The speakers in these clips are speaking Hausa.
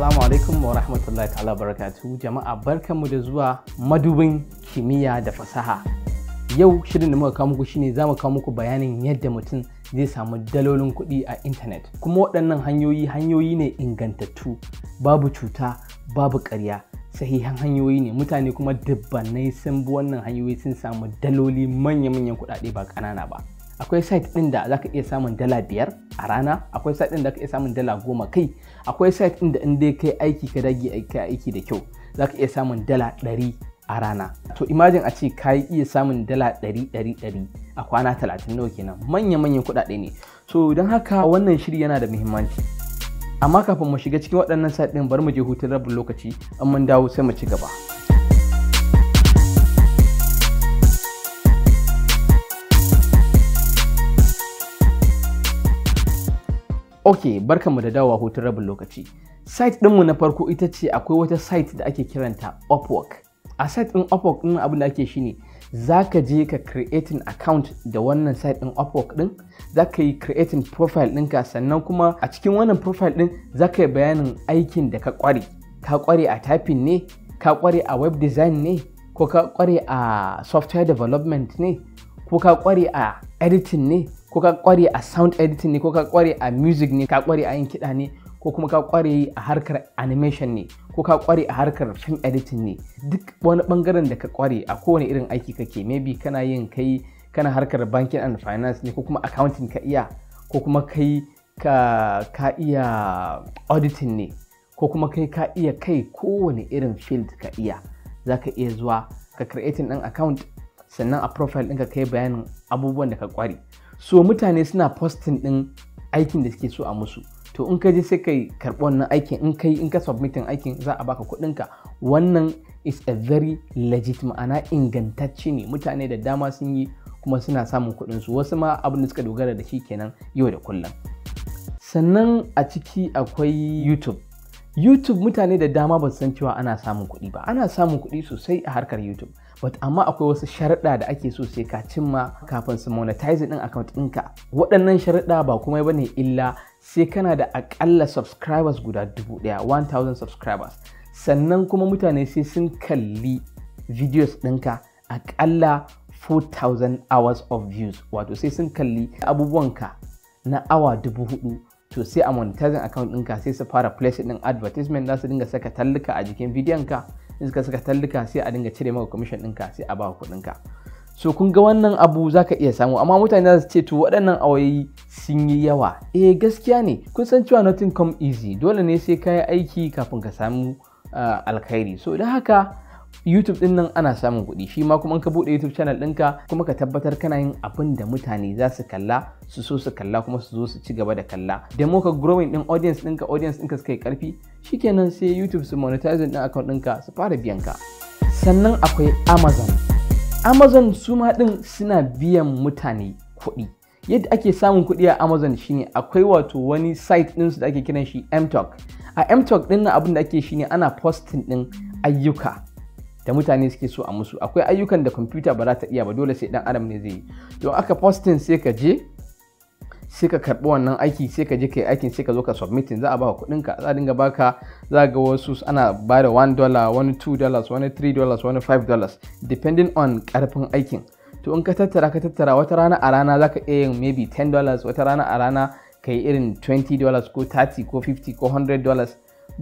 Assalamu alaikum wa rahmatullahi ta'ala barakatu jama'a barkanmu da zuwa madubin kimiyya da fasaha. Yau shirin da muka kawo muku shine za mu kawo muku bayanin yadda mutum zai samu dalolin kuɗi a intanet. Kuma waɗannan hanyoyi hanyoyi ne ingantattu babu cuta babu ƙarya sahihan hanyoyi ne mutane kuma dubbanai sun bi wannan hanyoyi sun samu daloli manya-manyan kuɗaɗe ba ƙanana ba. akwai site ɗin da za ka iya samun dala biyar a rana akwai site ɗin da ka iya samun dala goma kai akwai site ɗin da in dai kai aiki ka dage aiki da kyau Za ka iya samun dala ɗari a rana to imajin a ce ka iya samun dala ɗari ɗari ɗari a kwana talatin nawa kenan manya-manyan kuɗaɗe ne so don haka wannan shiri yana da muhimmanci amma kafin mu shiga cikin waɗannan site ɗin bari mu je hutun rabin lokaci an mun dawo sai mu ci gaba. Ok, barkanmu da dawa hutun rabin lokaci. Site ɗinmu na farko ita ce akwai wata site da ake kiranta Upwork. A site din Upwork din abin da ake shine ne za ka je ka creating account da wannan site din Upwork din? za ka yi creating profile ɗinka sannan kuma a cikin wannan profile din za ka yi bayanin aikin da ka kware Ka kware a typing ne, ka kware a web design ne, ko ka kware a software development ne, ko ka kware a editing ne, ko ka kware a sound editing ne ko ka kware a music ne ka kware a yin kiɗa ne ko kuma ka kware a harkar animation ne ko ka kware a harkar film editing ne duk wani bangaren da ka kware a kowane irin aiki kake maybe kana yin kai kana harkar banking and finance ne ko kuma accounting ka iya ko kuma kai ka, ka iya auditing ne ko kuma kai ka iya kai kowane irin field ka iya za ka iya zuwa ka creating ɗin account sannan a profile ɗinka kai bayanin abubuwan da ka kware so mutane suna posting din aikin da suke so a musu to in ka je sai kai karɓi wannan aikin in kai in ka submitin aikin za a baka kuɗin ka wannan is a very legit ma'ana ingantacce ne mutane da dama sun yi kuma suna samun kuɗin su wasu ma abin da suka dogara da shi kenan yau da kullum sannan a ciki akwai youtube youtube mutane da dama ba san cewa ana samun kuɗi ba ana samun kuɗi sosai a harkar youtube but amma akwai wasu sharuɗa da ake so sai ka cimma kafin su monetize din account ɗinka waɗannan sharuɗa ba kuma ba ne illa sai kana da aƙalla subscribers guda dubu ɗaya 1000 subscribers sannan kuma mutane sai sun kalli videos ɗinka aƙalla 4000 hours of views wato sai sun kalli abubuwan ka na awa dubu hudu to sai a monetizing account ɗinka sai su fara place ɗin advertisement za su dinga saka talluka a jikin bidiyon ka in suka saka tallika sai a dinga cire maka commission ɗinka sai a kuɗin ka so kun ga wannan abu za ka iya samu amma mutane za su ce to waɗannan awayi sun yi yawa eh gaskiya ne kun san cewa nothing come easy dole ne sai ka yi aiki kafin ka samu ah, alkhairi so don haka YouTube din nan ana samun kuɗi shi ma kuma ka buɗe YouTube channel ɗinka kuma ka tabbatar kana yin abin da mutane za su kalla su so su kalla kuma su zo su ci gaba da kalla da mu ka growing din audience ɗinka audience ɗinka suka yi ƙarfi shikenan sai YouTube su monetize din account ɗinka su fara biyan ka sannan akwai Amazon Amazon su ma ɗin suna biyan mutane kuɗi yadda ake samun kuɗi a Amazon shine akwai wato wani site ɗinsu da ake kiran shi MTalk a MTalk ɗin nan abin da ake shine ana posting ɗin ayyuka da mutane suke so a musu akwai ayyukan da kwamfuta ba za ta iya ba dole sai dan adam ne zai yi to aka postin sai ka je sai ka karɓi wannan aiki sai ka je ka aikin sai ka zo ka submitin za a baka kuɗin ka za a dinga baka za ga wasu ana ba da 1 dollar wani 2 dollars wani 3 dollars wani 5 dollars depending on karfin aikin to in ka tattara ka tattara wata rana a rana za ka iya yin maybe 10 dollars wata rana a rana ka yi irin 20 dollars ko 30 ko 50 ko 100 dollars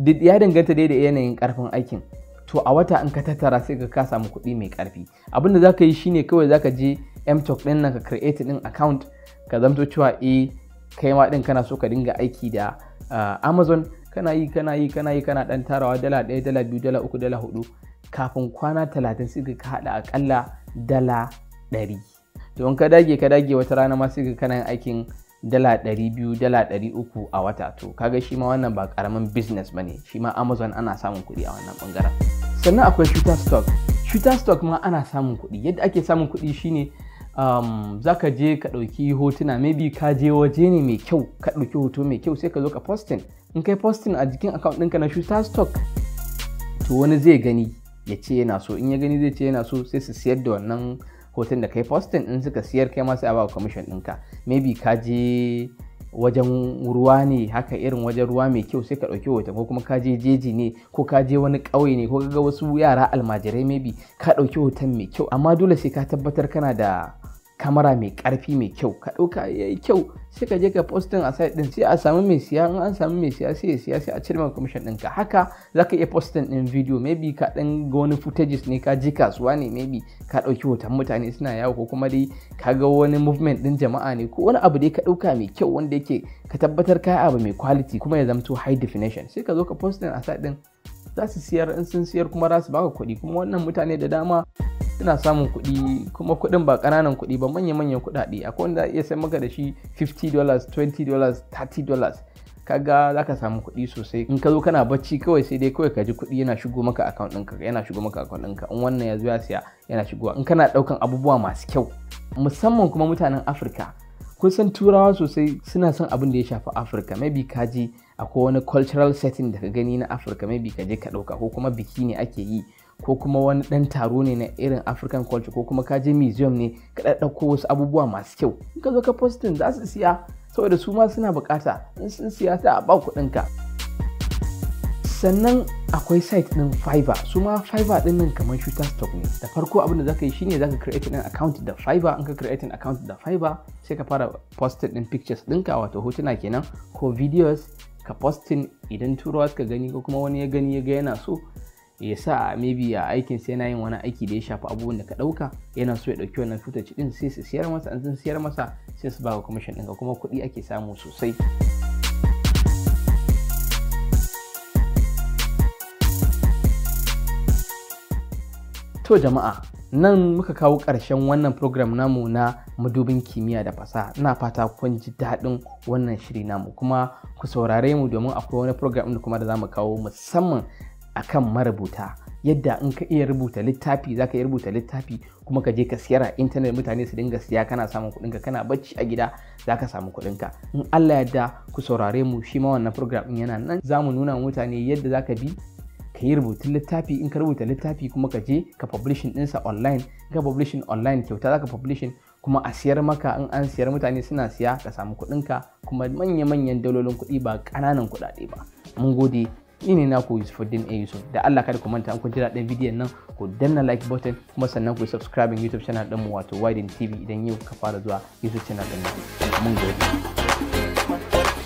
ya danganta dai da yanayin karfin aikin to a wata in ka tattara sai ka kasa samu kuɗi mai ƙarfi abin da ka yi shine kawai za ka je mtalk ɗin nan ka create ɗin account ka zamto cewa eh kai ma ɗin kana so ka dinga aiki da ah, amazon kana yi kana yi kana yi kana ɗan tarawa dala ɗaya dala biyu dala uku dala hudu kafin kwana talatin sai ka haɗa akalla dala ɗari to in ka dage ka dage wata rana ma sai ka kana yin aikin dala ɗari biyu dala ɗari uku a wata to kaga shi ma wannan ba ƙaramin business ba ne shi ma amazon ana samun kuɗi a wannan ɓangaren. sannan akwai shooter stock shooter stock ma ana samun kuɗi yadda ake samun kuɗi shine um, za ka je ka ɗauki hotuna maybe ka je waje ne mai kyau ka ɗauki hoto mai kyau sai ka zo ka posting in kai posting a jikin account ɗinka na shooter stock to wani zai gani ya ce yana so in ya gani zai ce yana so sai su siyar da wannan hoton da kai posting in suka siyar kai ma sai a ba commission ɗinka maybe ka je wajen ruwa ne haka irin wajen ruwa mai kyau sai ka ɗauki hoton ko kuma kaje jeji ne ko ka je wani ƙauye ne ko ka ga wasu yara almajirai maybe ka ɗauki hoton mai kyau amma dole sai ka tabbatar kana da kamara mai karfi mai kyau ka ɗauka ya yi kyau sai ka je ka postin a site ɗin sai a samu mai siya in an samu mai siya sai ya siya sai a cire maka commission ka haka za ka iya postin din video maybe ka ɗan ga wani footages ne ka ji kasuwa ne maybe ka ɗauki hoton mutane suna yawo ko kuma dai ka ga wani movement ɗin jama'a ne ko wani abu dai ka dauka mai kyau wanda yake ka tabbatar ka abu mai quality kuma ya zamto high definition sai ka zo ka postin a site ɗin za su siyar in sun siyar kuma za su baka kuɗi kuma wannan mutane da dama ina samun kuɗi kuma kuɗin ba ƙananan kuɗi ba manya-manyan kuɗaɗe akwai wanda iya sai maka da shi 50 dollars 20 dollars 30 dollars kaga za ka samu kuɗi sosai in ka zo kana bacci kawai sai dai kawai ka ji kuɗi yana shigo maka account ɗinka yana shigo maka account ɗinka in wannan ya zo ya siya yana shigowa in kana ɗaukan abubuwa masu kyau musamman kuma mutanen afirka kun san turawa sosai suna son abin da ya shafi afirka maybe ka je akwai wani cultural setting da ka gani na afirka maybe ka je ka ɗauka ko kuma biki ne ake yi ko kuma wani ɗan taro ne na irin african culture ko kuma ka museum ne ka ɗaɗɗauko wasu abubuwa masu kyau in ka zo ka postin za su siya saboda su ma suna bukata in sun siya ta a ba kuɗinka sannan akwai site ɗin fiverr su ma fiverr ɗin nan kamar Shutterstock ne da farko abin da zaka yi shine zaka create ɗin account da fiverr in ka create ɗin account da fiverr sai ka fara posting ɗin pictures ɗinka wato hotuna kenan ko videos ka posting idan turawa suka gani ko kuma wani ya gani ya ga yana so ya sa maybe a aikin sai yana yin wani aiki da ya shafi abubuwan da ka ɗauka yana so ya ɗauki wannan footage din sai su siyar masa an siyar masa sai su baka commission ka kuma kuɗi ake samu sosai to jama'a nan muka kawo ƙarshen wannan program namu na madubin kimiyya da fasaha ina fata kun ji daɗin wannan shiri namu kuma ku saurare mu domin akwai wani program da kuma da zamu kawo musamman akan marubuta yadda in ka iya rubuta littafi zaka iya rubuta littafi kuma ka je ka siyar a intanet mutane su dinga siya kana samun kuɗin ka kana bacci a gida zaka samu kuɗin ka in Allah yadda ku saurare mu shi ma wannan program din yana nan zamu nuna mutane yadda zaka bi ka yi rubutun littafi in ka rubuta littafi kuma ka je ka publishing ɗinsa online ka publishing online kyauta zaka publishing kuma a siyar maka in an siyar mutane suna siya ka samu ka kuma manya-manyan dalolin kuɗi ba kananan kuɗaɗe ba mun gode ni ne naku din A Yusuf da Allah kada ku manta an kun jira ɗan bidiyon nan ku danna like button kuma sannan ku subscribing YouTube channel ɗin mu wato Widen TV idan yau ka fara zuwa YouTube channel ɗin mu mun gode